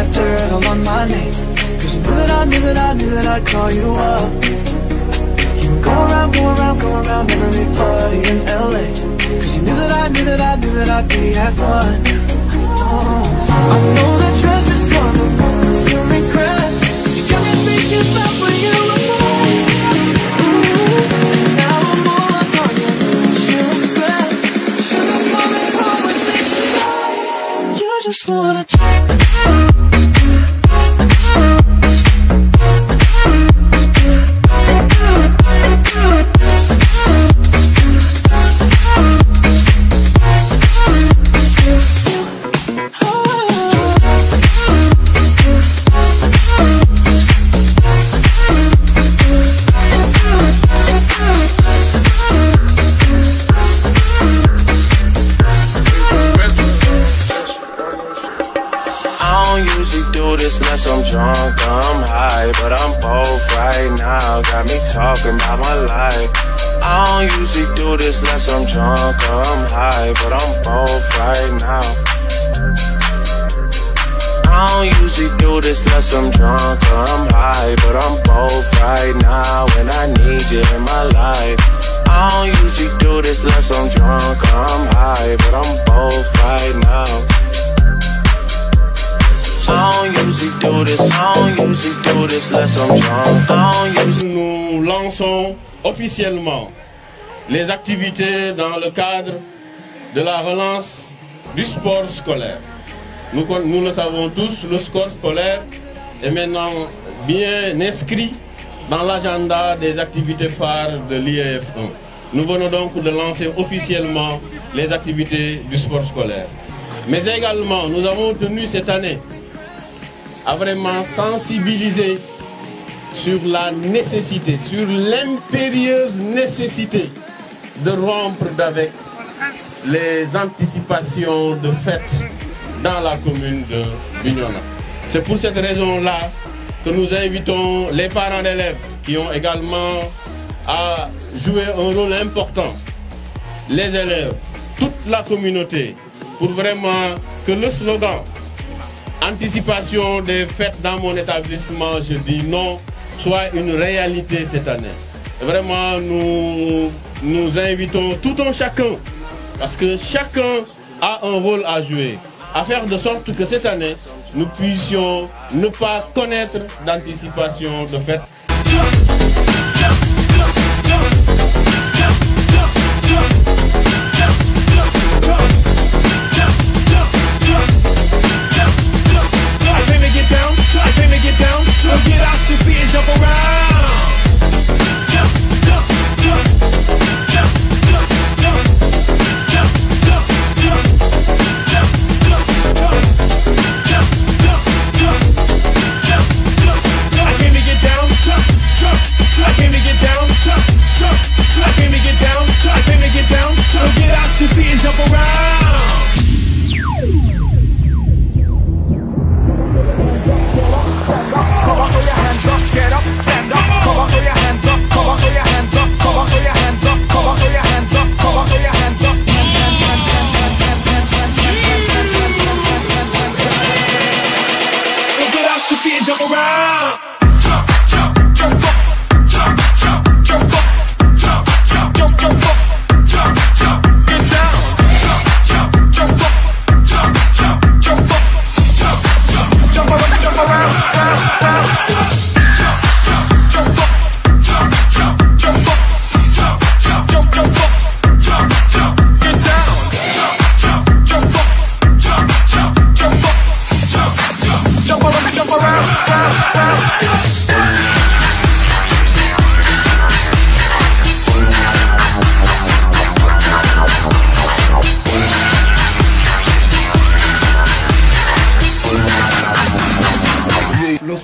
after it all on my name Cause I knew that I knew that I knew that I'd call you up You were going around, going around, going around every party in LA Cause you knew that I knew that I knew that I'd be at one oh, I know that you. drunk, I'm high, but I'm both right now. Got me talking about my life. I don't usually do this unless I'm drunk I'm high, but I'm both right now. I don't usually do this unless I'm drunk or I'm high, but I'm both right now, and I need you in my life. I don't usually do this unless I'm drunk or I'm high, but I'm both right now. Nous lançons officiellement les activités dans le cadre de la relance du sport scolaire. Nous, le savons tous, le sport scolaire est maintenant bien inscrit dans l'agenda des activités phares de l'IEF1. Nous venons donc de lancer officiellement les activités du sport scolaire. Mais également, nous avons tenu cette année à vraiment sensibiliser sur la nécessité, sur l'impérieuse nécessité de rompre avec les anticipations de fêtes dans la commune de Bignona. C'est pour cette raison-là que nous invitons les parents d'élèves qui ont également à jouer un rôle important, les élèves, toute la communauté, pour vraiment que le slogan anticipation des fêtes dans mon établissement, je dis non, soit une réalité cette année. Vraiment, nous, nous invitons tout en chacun, parce que chacun a un rôle à jouer, à faire de sorte que cette année, nous puissions ne pas connaître d'anticipation de fêtes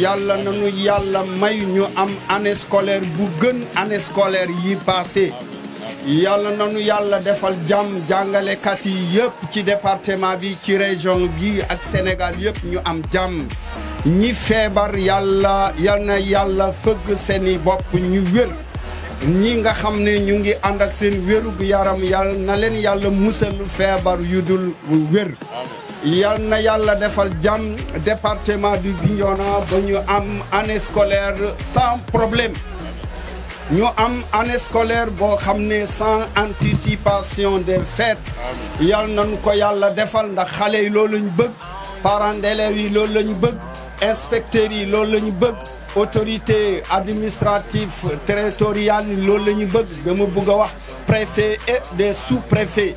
yàlla nañu yàlla may ñu am année scolaire bu gën année scolaire yi passé yàlla nañu yàlla defal jam jàngalekat yi yëpp ci département bi ci région gi ak senegal yépp ñu am jàmm ñi feebar yàlla yal na yàlla fëgg seeni bopp ñu wér ñi nga xam ne ñu ngi ànd ak seen wérug yaram yàlla na leen yàlla musal feebar yu dul wér yal na a defal jam département du Bignona ba ñu am année scolaire sans problème ñu am année scolaire bo xamné sans anticipation des fêtes yal y ko yalla defal ndax xalé yi loolu lañu bëgg parents d'élèves yi loolu lañu bëgg yi loolu lañu bëgg autorité administrative territoriale yi loolu lañu bëgg dama bëgg wax préfet et des sous-préfets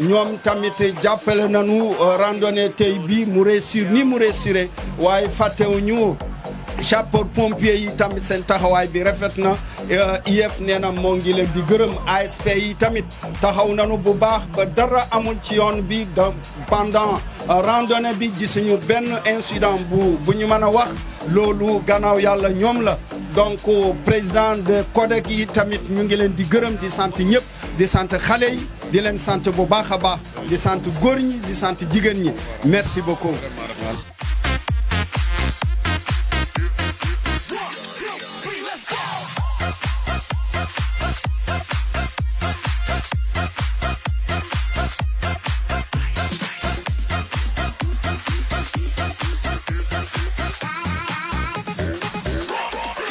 ñoom tamit jàppale nañu euh, randonnée tey bi mu réussir ni mu réussiré waaye fàttewuñu sapeur pompier yi tamit seen taxawaay bi rafet na euh, IEF nee na moo ngi leen di gërëm ASP yi tamit taxaw nañu bu baax ba dara amul ci yoon bi da pendant euh, randonnée bi gisuñu benn incident bu bu ñu mën a wax loolu gannaaw yàlla ñoom la donc président de CODEC yi tamit ñu ngi leen di gërëm di sant ñëpp di sant xale yi di leen sant bu baax a baax di sant góor di sant jigéen merci beaucoup.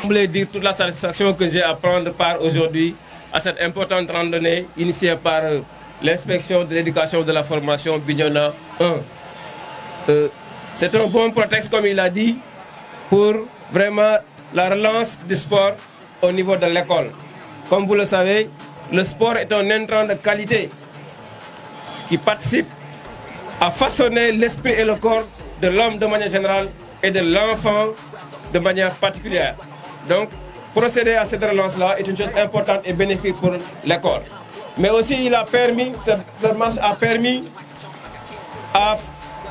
voulais dire toute la satisfaction que j'ai à prendre par aujourd'hui à cette importante randonnée initiée par euh, l'inspection de l'éducation de la formation Bignona 1. Euh, c'est un bon prétexte, comme il a dit, pour vraiment la relance du sport au niveau de l'école. Comme vous le savez, le sport est un entrant de qualité qui participe à façonner l'esprit et le corps de l'homme de manière générale et de l'enfant de manière particulière. Donc, Procéder à cette relance-là est une chose importante et bénéfique pour l'école. Mais aussi, il a permis, marche a permis à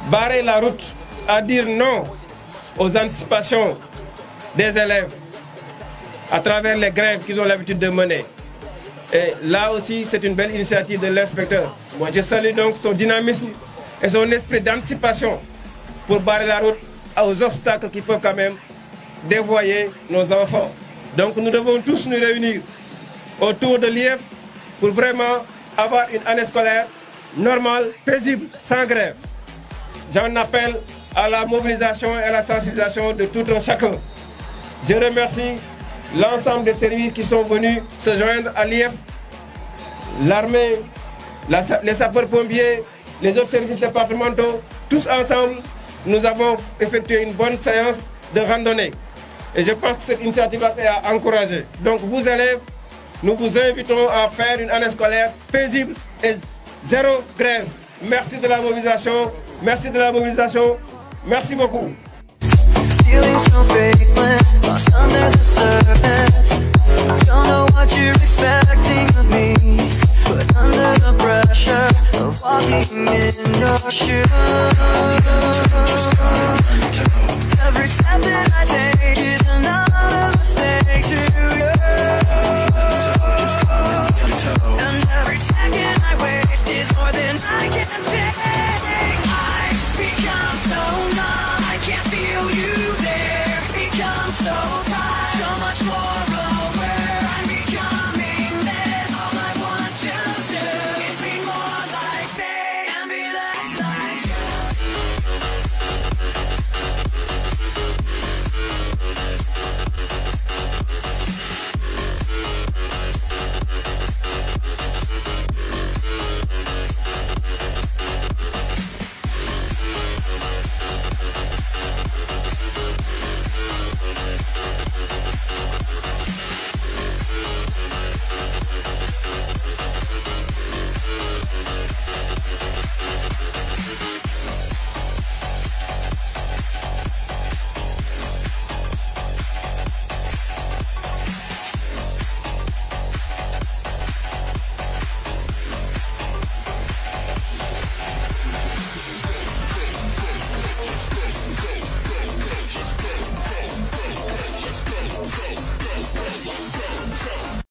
barrer la route, à dire non aux anticipations des élèves à travers les grèves qu'ils ont l'habitude de mener. Et là aussi, c'est une belle initiative de l'inspecteur. Moi, je salue donc son dynamisme et son esprit d'anticipation pour barrer la route aux obstacles qui peuvent quand même dévoyer nos enfants. Donc nous devons tous nous réunir autour de l'IEF pour vraiment avoir une année scolaire normale, paisible, sans grève. J'en appelle à la mobilisation et à la sensibilisation de tout un chacun. Je remercie l'ensemble des services qui sont venus se joindre à l'IEF, l'armée, les sapeurs-pompiers, les autres services départementaux, tous ensemble, nous avons effectué une bonne séance de randonnée. Et je pense que cette initiative-là est à encourager. Donc vous allez, nous vous invitons à faire une année scolaire paisible et zéro grève. Merci de la mobilisation. Merci de la mobilisation. Merci beaucoup.